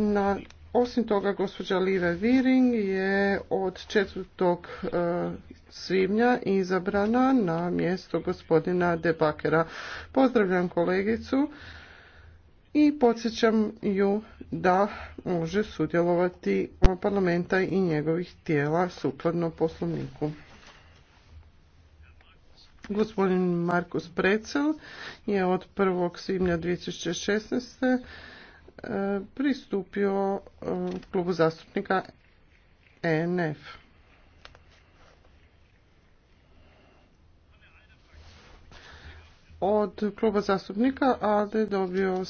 Na, osim toga, gospođa Live Viring je od 4. E, svibnja izabrana na mjesto gospodina Debakera. Pozdravljam kolegicu i podsjećam ju da može sudjelovati parlamenta i njegovih tijela sukladno poslovniku. Gospodin Markus Precel je od 1. svibnja 2016 pristupio e, klubu zastupnika ENF. Od kluba zastupnika AD dobio